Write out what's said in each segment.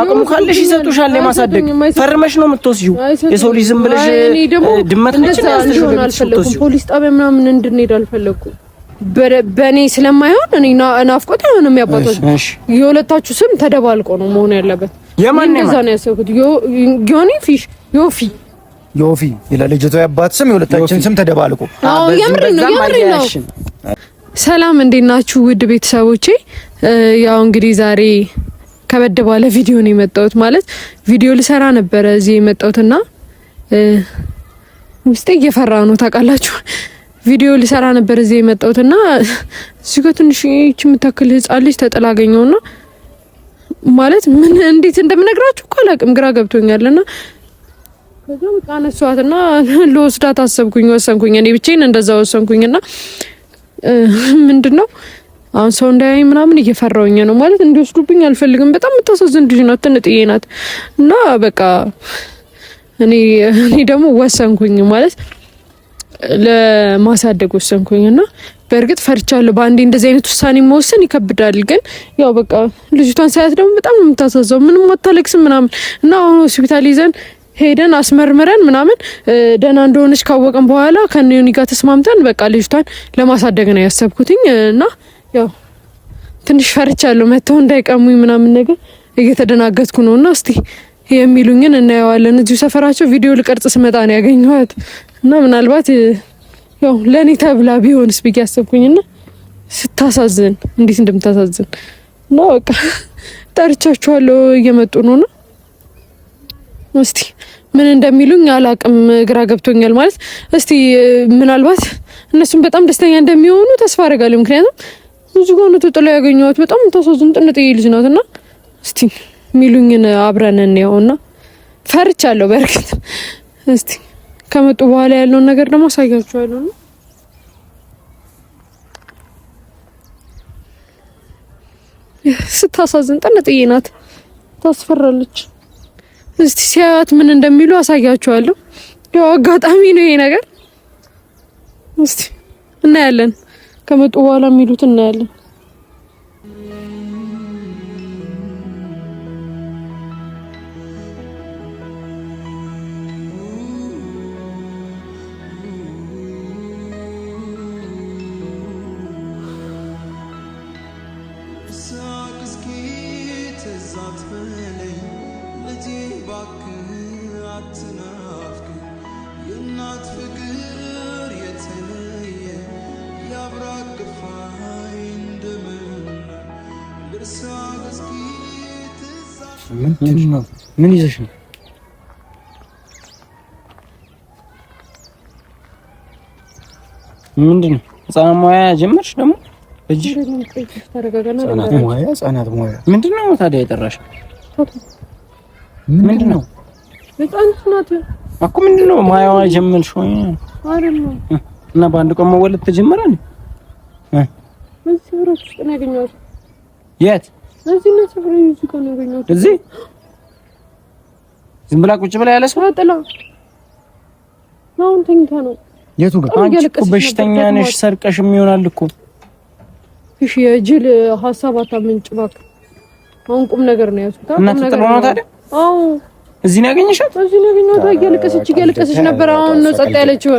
አቅሙ ካለሽ ይሰጡሻል። የማሳደግ ፈርመሽ ነው የምትወስጂው። የሰው ልጅ ዝም ብለሽ ድመት ነች ፖሊስ ጣቢያ ምናምን እንድንሄድ አልፈለኩም። በእኔ ስለማይሆን እኔ ናፍቆት አይሆንም። ያባቶች የሁለታችሁ ስም ተደባልቆ ነው መሆን ያለበት። የማን ነው ዛኔ ያሰብኩት? ጊዮኒ ፊሽ ዮፊ ዮፊ የልጅቷ ያባት ስም የሁለታችን ስም ተደባልቆ። አዎ የምሬ ነው የምሬ ነው። ሰላም እንዴት ናችሁ ውድ ቤተሰቦቼ? ያው እንግዲህ ዛሬ ከበድ ባለ ቪዲዮ ነው የመጣሁት። ማለት ቪዲዮ ልሰራ ነበረ እዚህ የመጣሁትና ውስጤ እየፈራ ነው ታውቃላችሁ። ቪዲዮ ልሰራ ነበር እዚህ የመጣሁትና እዚህ ጋር ትንሽ ይህች የምታክል ህፃን ልጅ ተጥላ አገኘውና ማለት ምን እንዴት እንደምነግራችሁ እኮ አላውቅም፣ ግራ ገብቶኛልና ከዛም ቃነሷትና ለወስዳት አሰብኩኝ፣ ወሰንኩኝ። እኔ ብቻዬን እንደዛ ወሰንኩኝና ምንድነው አሁን ሰው እንዳያይ ምናምን እየፈራውኝ ነው ማለት እንዲወስዱብኝ አልፈልግም። በጣም የምታሳዝን ልጅ ናት፣ ትንጥዬ ናት እና በቃ እኔ እኔ ደግሞ ወሰንኩኝ ማለት ለማሳደግ ወሰንኩኝ እና በእርግጥ ፈርቻለሁ። በአንዴ እንደዚህ አይነት ውሳኔ መወሰን ይከብዳል። ግን ያው በቃ ልጅቷን ሳያት ደግሞ በጣም ነው የምታሳዘው። ምንም አታለቅስም ምናምን እና አሁን ሆስፒታል ይዘን ሄደን አስመርምረን ምናምን ደህና እንደሆነች ካወቀን በኋላ ከነዮኒ ጋር ተስማምተን በቃ ልጅቷን ለማሳደግ ነው ያሰብኩትኝ እና ያው ትንሽ ፈርቻለሁ መተው እንዳይቀሙኝ ምናምን ነገር እየተደናገጥኩ እና እስቲ የሚሉኝን እናየዋለን። እዚሁ ሰፈራቸው ቪዲዮ ልቀርጽ ስመጣ ነው ያገኘኋት እና ምናልባት ያው ለእኔ ተብላ ቢሆንስ ብዬ አሰብኩኝና ስታሳዝን፣ እንዴት እንደምታሳዝን እና በቃ ጠርቻችኋለሁ እየመጡ ና እስቲ ምን እንደሚሉኝ አላቅም። ግራ ገብቶኛል ማለት እስቲ ምናልባት እነሱም በጣም ደስተኛ እንደሚሆኑ ተስፋ አደርጋለሁ ምክንያቱም እዚህ ጋር ነው ተጥላ ያገኘኋት። በጣም ታሳዝን ጥንጥዬ ልጅ ናት እና እስቲ ሚሉኝን አብረን እንየው እና ፈርቻለሁ። በእርግጥ እስቲ ከመጡ በኋላ ያለውን ነገር ደግሞ አሳያችኋለሁ። ስታሳዝን ጥንጥዬ ናት፣ ታስፈራለች። እስቲ ሲያያት ምን እንደሚሉ አሳያችኋለሁ። ያው አጋጣሚ ነው ይሄ ነገር። እስቲ እናያለን። ከመጡ በኋላ የሚሉት እናያለን። ምን ይዘሽ ነው? ምንድነው? ነው? ሙያ ጀመርሽ ደግሞ እጅ ሙያ ታዲያ የጠራሽ? ምንድን ነው እኮ ጀመርሽ ወይ እና በአንድ ቀን መወለድ ተጀመረ? የት እዚህ ዝም ብላ ቁጭ ብላ ያለ ሰው አጥላ አሁን ተኝታ ነው። የቱ ጋር አንቺ እኮ በሽተኛ ነሽ፣ ሰርቀሽ የሚሆናል እኮ እሺ። የጅል ሀሳብ አታምንጭ እባክህ። አሁን ቁም ነገር ነው ያዝኩት። እና ተጥሎ ነው ታዲያ? አዎ እዚህ ነው ያገኘሻት? እዚህ ነው ያገኘኋት። እያለቀሰች እያለቀሰች ነበር። አሁን ነው ጸጥ ያለችው።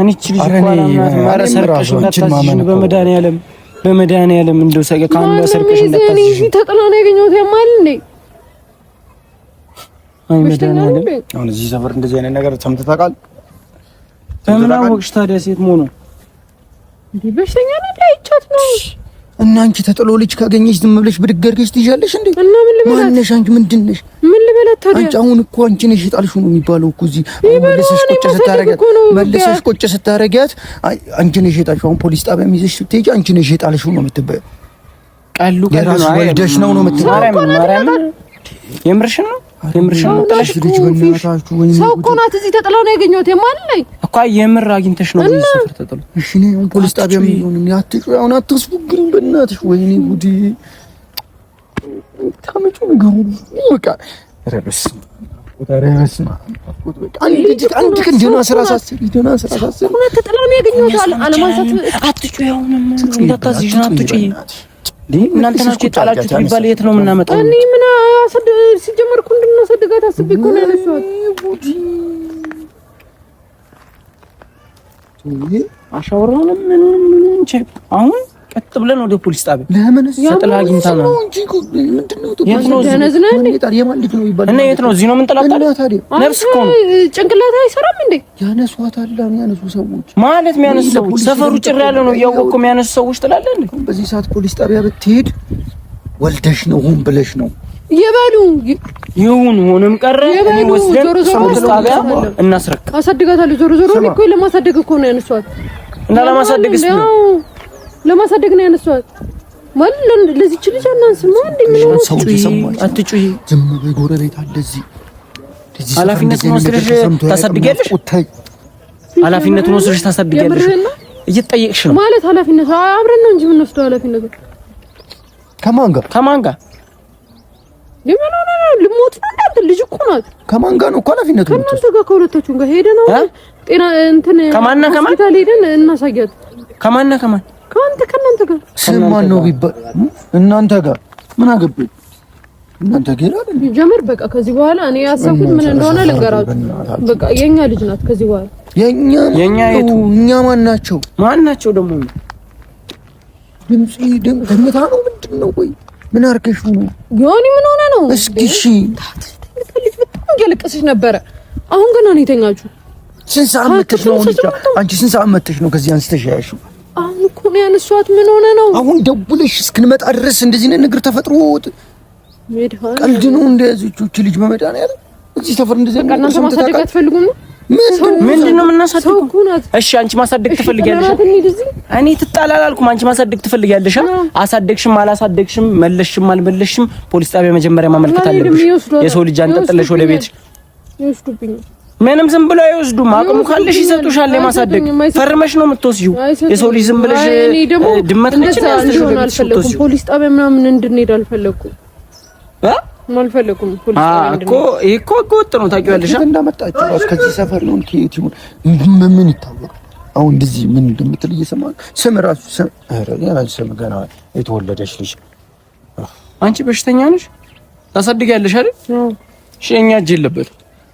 አንቺ ልጅ ነኝ። ሰርቀሽ መታሽ በመድኃኒዓለም በመድኃኒዓለም እንደው ሰቀ ካንዳ ሰርቀሽ እንዳታስይሽ ተጥሎ ነው ያገኘሁት። ያማል እንዴ? አይ መድኃኒዓለም፣ አሁን እዚህ ሰፈር እንደዚህ አይነት ነገር ሰምተህ ታውቃለህ? በምን አወቅሽ ታዲያ ሴት መሆኑን? እንዴ በሽተኛ ነው አይቻት ነው እና አንቺ ተጥሎ ልጅ ካገኘሽ ዝም ብለሽ ብድግ አድርገሽ ትይዣለሽ እንዴ? እና ምን ልበላት? ማነሽ አንቺ ምንድን ነሽ? ምን ልበላት ታዲያ? አንቺ አሁን እኮ አንቺ ነሽ የጣልሽው ነው የሚባለው እኮ እዚህ መልሰሽ ቁጭ ስታረጊያት መልሰሽ ቁጭ ስታረጊያት አንቺ ነሽ የጣልሽው። አሁን ፖሊስ ጣቢያ የሚይዘሽ ስትሄጂ አንቺ ነሽ የጣልሽው ነው የምትባይው። ቀሉ ቀሉ ነው ወልደሽ ነው ነው የምትባይው። የምርሽን ነው ሰው እኮ የምር አግኝተሽ ነው እዚህ ሰፈር ተጥለው? እሺ እኔ ፖሊስ ጣቢያ ምን ያትጩ አሁን አትስቡ በእናትሽ ወይኔ ጉዴ ታመጩ ነገሩ በቃ ረብስ አንድ እናንተ ናችሁ የጣላችሁት ቢባል የት ነው የምናመጣው? እኔ ምን ሲጀመር እኮ እንድናሳድጋት አሻወራውንም ምንም ምንም አሁን ቀጥ ብለን ወደ ፖሊስ ጣቢያ ለምን ሰጥላ ነው እና የት ነው? እዚህ ነው ነፍስ አይሰራም እንዴ? ያነሷታል። የሚያነሱ ሰዎች ማለት የሚያነሱ ሰዎች ሰፈሩ ጭር ያለ ነው እያወቁ የሚያነሱ ሰዎች ትላለህ እንዴ? በዚህ ሰዓት ፖሊስ ጣቢያ ብትሄድ ወልደሽ ነው ሆን ብለሽ ነው የበሉ ይሁን ሆነም ቀረ ወስደን ጣቢያ እናስረክ። አሳድጋታለሁ። ዞሮ ዞሮ ለማሳደግ እኮ ነው ያነሷት እና ለማሳደግ ለማሳደግ ነው ያነሷት። ማለን ለዚች ልጅ አናንስም። አንድ ምን ነው አትጩይ፣ ዝም በይ። ጎረቤት አለ እዚህ ኃላፊነቱን ወስደሽ ታሳድጊያለሽ። ኃላፊነቱን ወስደሽ ታሳድጊያለሽ። ነው ማለት ኃላፊነቱ አብረን ነው እንጂ የምንወስደው ኃላፊነቱ ከማን ጋር ከማን ጋር ልሞት ነው እንዳት ልጅ እኮ ናት። ከማን ጋር ነው እኮ ኃላፊነቱ? ከእናንተ ጋር ከሁለታችሁም ጋር ሄደን ነው ጤና እንትን ከማን ከማን ሄደን እናሳያት ከማን ከማን ከአንተ ከእናንተ ጋር ስም ማን ነው ቢባል እናንተ ጋር ምን አገባኝ? እናንተ ጌራ አይደል ጀመር። በቃ ከዚህ በኋላ እኔ ያሰብኩት ምን እንደሆነ ልንገራችሁ። በቃ የኛ ልጅ ናት ከዚህ በኋላ የኛ የኛ የቱ እኛ ማን ናቸው? ማን ናቸው ደግሞ ድምጽ ድም ድምታ ነው ምንድን ነው? ቆይ ምን አርገሽ ነው ዮኒ? ምን ሆነ ነው? እስኪ እሺ፣ በጣም እያለቀሰች ነበረ። አሁን ገና ነው የተኛችሁ። ስንት ሰዓት መተሽ ነው? አንቺ ስንት ሰዓት መተሽ ነው ከዚህ አንስተሽ ያያሽው? እኮ ነው ያነሷት። ምን ሆነ ነው አሁን ደውለሽ እስክንመጣ ድረስ እንደዚህ ነው ነገር ተፈጥሮ ወጥ ቀልድ ነው። እንደዚህ ቹቹ ልጅ በመዳን ያለ እዚህ ሰፈር እንደዚህ ነው። እናንተ ማሳደግ አትፈልጉም? ምንድን ነው የምናሳድገው? እሺ አንቺ ማሳደግ ትፈልጊያለሽ? እኔ ትጣላላልኩም። አንቺ ማሳደግ ትፈልጊያለሽ? አሳደግሽም አላሳደግሽም መለስሽም አልመለስሽም ፖሊስ ጣቢያ መጀመሪያ ማመልከት አለብሽ። የሰው ልጅ አንጠጥለሽ ወደ ቤት ምንም ዝም ብለው አይወስዱም። አቅሙ ካለሽ ይሰጡሻል። ለማሳደግ ፈርመሽ ነው የምትወስጂው። የሰው ልጅ ዝም ብለሽ ድመት ነች ፖሊስ ጣቢያ ምናምን እንድንሄድ አልፈለኩም ፖሊስ እኮ እኮ ነው። ሰፈር ነው ምን ይታወቅ። አሁን እንደዚህ ምን እንደምትል ስም ስም ስም ገና ልጅ አንቺ በሽተኛ ነሽ ታሳድጊያለሽ አይደል? እሺ እኛ እጅ የለበትም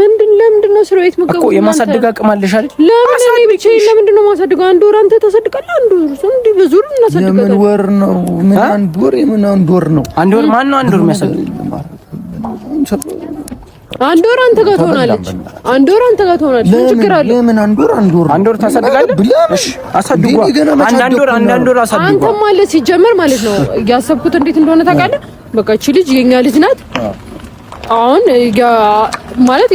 ምንድን ለምንድን ነው ስሮይት መቀበል እኮ የማሳደግ አቅም አለሽ አይደል? ለምን እኔ ብቻዬን ለምንድን ነው የማሳድገው? አንድ ወር አንተ ታሳድጋለህ፣ አንድ ወር እሱ እንዲህ በዙር እናሳድጋለን። ለምን ወር ነው? ምን አንድ ወር የምን አንድ ወር ነው? አንድ ወር ማን ነው አንድ ወር የሚያሳድግ? አንድ ወር አንተ ጋር ትሆናለች። አንድ ወር አንተ ጋር ትሆናለች። ምን ችግር አለ? ለምን አንድ ወር አንድ ወር አንድ ወር ታሳድጋለህ? እሺ አሳድጓ። አንድ ወር አንድ ወር አሳድጓ። አንተ ማለት ሲጀመር ማለት ነው ያሰብኩት እንዴት እንደሆነ ታውቃለህ? በቃ እቺ ልጅ የኛ ልጅ ናት አሁን ማለት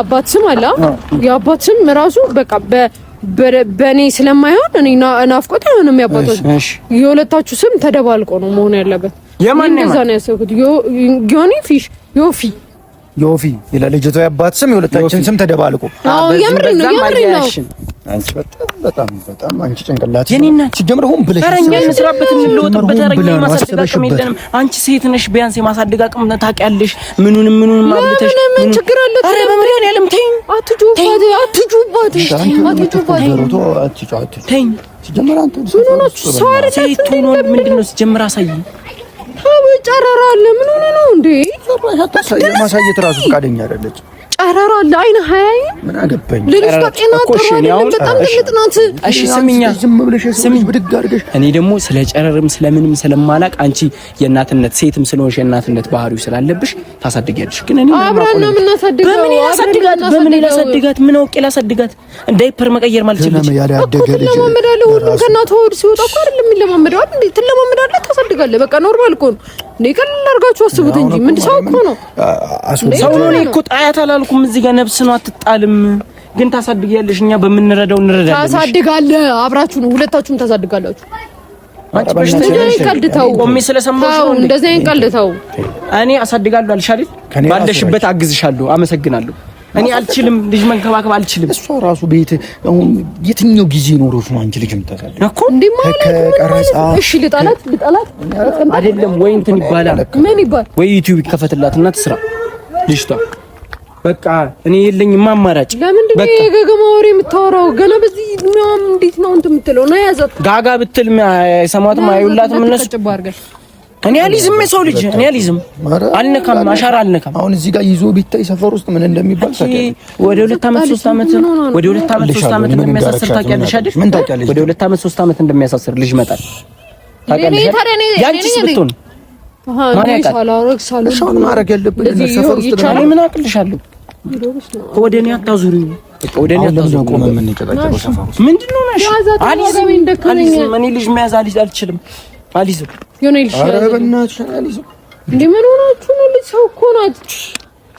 አባት ስም አለ የአባት ስም እራሱ በቃ በእኔ ስለማይሆን እኔ ናፍቆት አይሆንም። ያባቶች የሁለታችሁ ስም ተደባልቆ ነው መሆን ያለበት። የማን ነው? ፊሽ ዮፊ ዮፊ ይላል ያባት ስም የሁለታችን ስም ተደባልቆ። አዎ የምር ነው የምር ነው። አንቺ በጣም በጣም በጣም አንቺ ጭንቅላት የኔ እናት ጀምር ሆን ብለሽ ተረኛ እንስራበት የምንለወጥበት ተረኛ የማሳደግ አቅም የለንም። አንቺ ሴት ነሽ፣ ቢያንስ የማሳደግ አቅም ታውቂያለሽ። ምኑን ምኑንም አብልተሽ ምን ችግር አለ? አረ በመሪያን ያለም ተይኝ፣ አትጩባት፣ አትጩባት፣ አትጩባት፣ ተይኝ። ሲጀምር አንተ ሰው አይደለም ምንድነው? ሲጀምር አሳይኝ ጨረራ አለ። ምን ሆነ ነው እንዴ? የማሳየት ራሱ ፈቃደኛ አይደለች። ጨረራ አለ። አይነ ሀያይ ምን አገባኝ። ልጅቷ ጤና ጥሩ አይደለም። በጣም ትልቅ ናት። እሺ ስሚኛ፣ ዝም ብለሽ ስሚኝ፣ ብድግ አድርገሽ እኔ ደግሞ ስለ ጨረርም ስለምንም ስለማላቅ አንቺ የእናትነት ሴትም ስለሆንሽ የእናትነት ባህሪው ስላለብሽ ታሳድጊያለሽ። ግን እኔ አብራና ምን እናሳድጋት? በምን ያሳድጋት? በምን ያሳድጋት? ምን አውቄ ላሳድጋት? ዳይፐር መቀየር ማለት ነው ለምን ያደገ ልጅ ለማመዳለ ሁሉ ከእናት ሆድ ሲወጣ እኮ አይደለም የሚለማመደው አይደል? ትለማመዳለህ፣ ታሳድጋለህ። በቃ ኖርማል እኮ ነው። ቀለል አድርጋችሁ አስቡት እንጂ ምን ሰው እኮ ነው ሰው ነው። እኔ እኮ ጣያት አላልኩም። እዚህ ጋር ነብስ ነው አትጣልም፣ ግን ታሳድጊያለሽ። እኛ በምንረዳው እንረዳለን። ታሳድጋለ አብራችሁ ነው ሁለታችሁም ታሳድጋላችሁ። እንደዚህ አይነት ቀልድ ተው። እኔ አሳድጋለሁ አልሽ አይደል? ባለሽበት አግዝሻለሁ። አመሰግናለሁ እኔ አልችልም፣ ልጅ መንከባከብ አልችልም። እሷ ራሱ ቤት አሁን የትኛው ጊዜ ኖሮሽ ነው አንቺ ልጅ የምታሳልፍ እኮ እንዴ? ማለት እሺ፣ ልጣላት ልጣላት አይደለም ወይ እንትን ይባላል። ምን ይባል ወይ ዩቲዩብ ይከፈትላት እና ትስራ ልጅቷ። በቃ እኔ የለኝም አማራጭ። ለምንድን ነው የገገማ ወሬ የምታወራው? ገና በዚህ ምናምን እንዴት ነው እንትን የምትለው? ነው ያዛት ጋጋ ብትል አይሰማትም፣ አይውላትም እነሱ እኔ አልይዝም፣ ሰው ልጅ እኔ አልይዝም፣ አልነካም፣ አሻራ አልነካም። አሁን እዚህ ጋር ይዞ ቢታይ ሰፈር ውስጥ ምን እንደሚባል ወደ ሁለት ዓመት ሶስት ዓመት ወደ ሁለት ዓመት ሶስት ዓመት እንደሚያሳስር ታውቂያለሽ አይደል? ምን ታውቂያለሽ? ወደ ሁለት ዓመት ሶስት ዓመት እንደሚያሳስር ልጅ መጣል ታውቂያለሽ አይደል? ያንቺስ ብትሆን ማን ያውቃል? እሻውን ማድረግ ያለብን ሰፈር ውስጥ ነው። ምን አቅልሻለሁ? ወደ እኔ አታዙሪው ወደ እኔ አታዙሪው። ምንድን ነው ነሽ? አልይዝም፣ እኔ ልጅ መያዝ አልችልም። አልይዝም። ኧረ በእናትሽ አልይዝም። እንደ ምን ሆናችሁ ነው? ልጅ ሰው እኮ ናት፣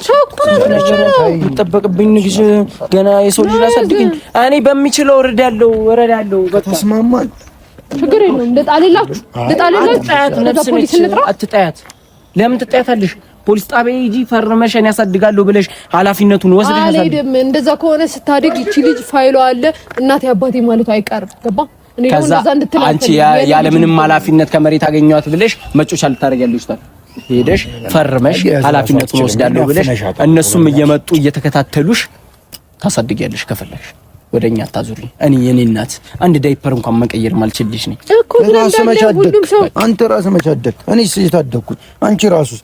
ሰው እኮ ናት። የሚጠበቅብኝ ንግሽ ገና የሰው ልጅ አሳድገኝ። እኔ በሚችለው እረዳለሁ፣ እረዳለሁ። ተስማማል። ችግር የለውም። ልጣልላችሁ፣ ልጣልላችሁ። ፖሊስ እንጥራ። አትጣያት። ለምን ትጣያታለሽ? ፖሊስ ጣቢያ ሂጂ ፈርመሽ እኔ ያሳድጋለሁ ብለሽ ኃላፊነቱን ወስደሽ አልሄድም። እንደዛ ከሆነ ስታድግ ይቺ ልጅ ፋይሏ አለ እናቴ አባቴ ማለቱ አይቀርም። ገባ ከዛ አንቺ ያለምንም ኃላፊነት ከመሬት አገኘኋት ብለሽ መጮች አልታረጊያለሽ ታል ሄደሽ ፈርመሽ ኃላፊነቱን ወስዳለሁ ብለሽ እነሱም እየመጡ እየተከታተሉሽ ታሳድጊያለሽ ከፈለሽ ወደኛ አታዙሪ። እኔ የኔ እናት አንድ ዳይፐር እንኳን መቀየር ማልችልሽ ነኝ። ራስ መቻደቅ አንተ ራስ መቻደቅ እኔ የታደግኩት አንቺ ራስህ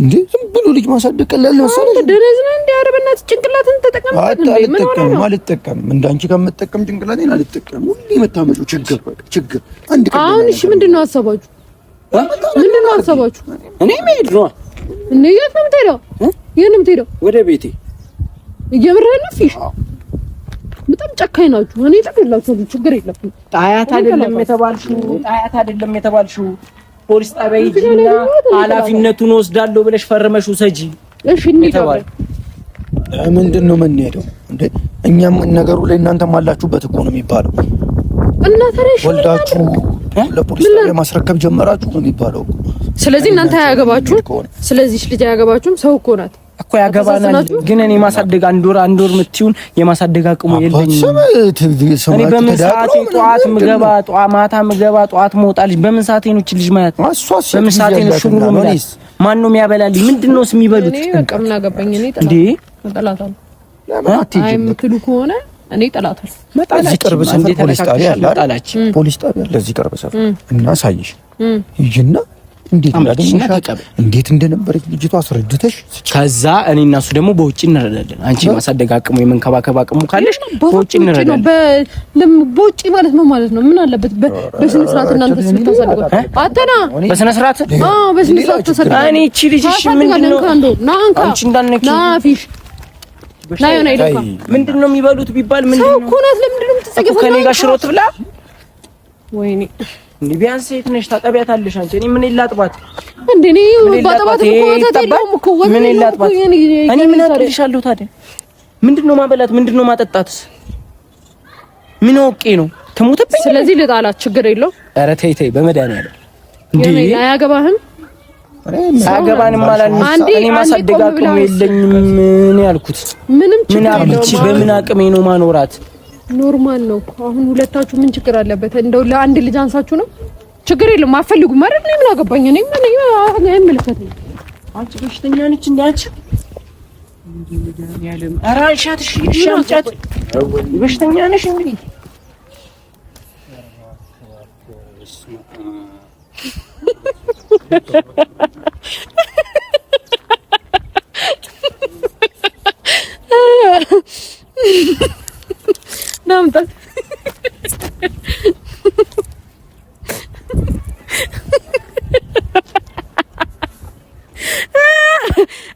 እንዴ ዝም ብሎ ልጅ ማሳደግ ቀላል ነው መሰለህ? ደረዝ ነው እንዴ? ኧረ በእናትህ ጭንቅላትን ተጠቀም። አልጠቀምም አልጠቀምም፣ እንዳንቺ ከምጠቀም ጭንቅላቴን አልጠቀምም። ሁሌ የምታመጪው ችግር በቃ ችግር። አንድ ቀን አሁን እሺ፣ ምንድን ነው ሀሳባችሁ? ምንድን ነው ሀሳባችሁ? እኔ መሄድ ነው እኔ የት ነው የምትሄደው? የት ነው የምትሄደው? ወደ ቤቴ። እየምርህን ነው? ፊሽ በጣም ጨካኝ ናችሁ። እኔ ጠቅላችሁ ችግር የለብኝ። ጣያት አይደለም የተባልሽው፣ ጣያት አይደለም የተባልሽው ፖሊስ ጣቢያ ሂጂና ኃላፊነቱን ወስዳለሁ ብለሽ ፈርመሽ ውሰጂ። እሺ እንሂዳለን። ምንድን ነው የምንሄደው? እንደ እኛም ነገሩ ላይ እናንተም አላችሁበት እኮ ነው የሚባለው። እና ተረሽ ወልዳችሁ ለፖሊስ ጣቢያ ማስረከብ ጀመራችሁ ነው የሚባለው። ስለዚህ እናንተ አያገባችሁም። ስለዚህ ልጅ አያገባችሁም። ሰው እኮ ናት እኮ ያገባናል፣ ግን እኔ ማሳደግ አንድ ወር አንድ ወር የምትይውን የማሳደግ አቅሙ የለኝም። እኔ በምን ሰዓቴ ጠዋት ምገባ ጠዋት ማታ ምገባ ጠዋት በምን ሰዓቴ ነው ማለት በምን ሰዓቴ ነው ማን ነው የሚያበላልኝ? ምንድን ነውስ የሚበሉት? እንዴ የምትሉ ከሆነ እኔ ጠላታል ፖሊስ ጣቢያ አለ፣ ቅርብ ሰፈር እና ሳይሽ ይጅና እንዴት እንደነበረች ልጅቱ አስረድተሽ፣ ከዛ እኔ እና እሱ ደግሞ በውጭ እንረዳለን። አንቺ የማሳደግ አቅሙ የመንከባከብ አቅሙ ካለሽ በውጭ እንረዳለን። በውጭ ማለት ነው ማለት ነው። ምን አለበት በስነ ስርዓት እናንተ ስታሳድጉ አተና በስነ ስርዓት አዎ፣ በስነ ስርዓት ተሰደደ። እኔ እቺ ልጅ እሺ፣ ምንድን ነው አንቺ እንዳልነኪ ናፊሽ ናዮና ይደካ ምንድን ነው የሚበሉት ቢባል ምንድን ነው እኮ ናት። ለምንድን ነው የምትጸየፈው? ከኔ ጋር ሽሮት ብላ ወይኔ እንዴ ቢያንስ ሴት ነሽ ታጠቢያታለሽ። አንቺ እኔ ምን ይላጥባት እንዴ? እኔ ባጠባት እኮ ወተት ምን ይላጥባት? እኔ ምን አጥልሻለሁ ታዲያ? ምንድነው ማበላት? ምንድነው ማጠጣትስ? ምን አውቄ ነው ከሞተብኝ። ስለዚህ ልጣላት ችግር የለው። ኧረ ተይ ተይ፣ በመድኃኒዓለም እንዴ አያገባህም። አገባን አላልንም። እኔ ማሳደግ አቅም የለኝም ምን ያልኩት። ምንም ችግር የለውም። በምን አቅሜ ነው ማኖራት ኖርማል ነው። አሁን ሁለታችሁ ምን ችግር አለበት? እንደው ለአንድ ልጅ አንሳችሁ ነው ችግር የለም። አፈልጉ ማለት ነው። ምን አገባኝ እኔ ምን አይመለከት ነው። አንቺ በሽተኛ ነች እንዴ? አንቺ ኧረ እሻትሽ ሻምጫት በሽተኛ ነሽ እንግዲህ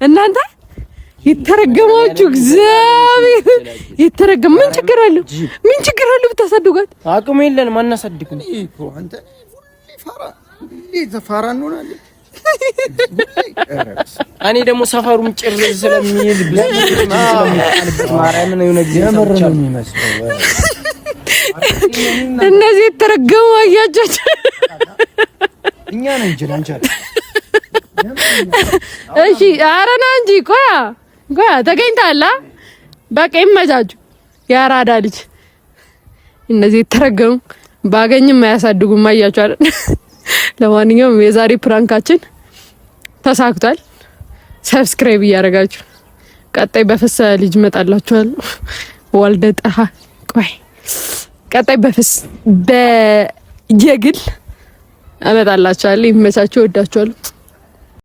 እናንተ የተረገማችሁ እግዚአብሔር የተረገመ ምን ችግር አለው? ምን ችግር አለው ብታሳድጓት? አቅም የለንም አናሳድግም። አንተ ፋራ እንሆናለን። እኔ ደግሞ ሰፈሩም ጭር ስለሚል እነዚህ የተረገሙ አያጃቸው እኛ ነን እንጂ አንቺ አይደል። እሺ ኧረ እንጂ ቆያ ቆያ ተገኝታላ። በቃ ይመቻችሁ። የአራዳ ልጅ እነዚህ የተረገሙ ባገኝም አያሳድጉም። አያችሁ አይደል? ለማንኛውም የዛሬ ፕራንካችን ተሳክቷል። ሰብስክራይብ እያደረጋችሁ ቀጣይ በፍስ ልጅ መጣላችኋል። ወልደ ጠሃ ቆይ ቀጣይ በፍስ በየግል እመጣላችኋለሁ። ይመቻችሁ። እወዳችኋለሁ።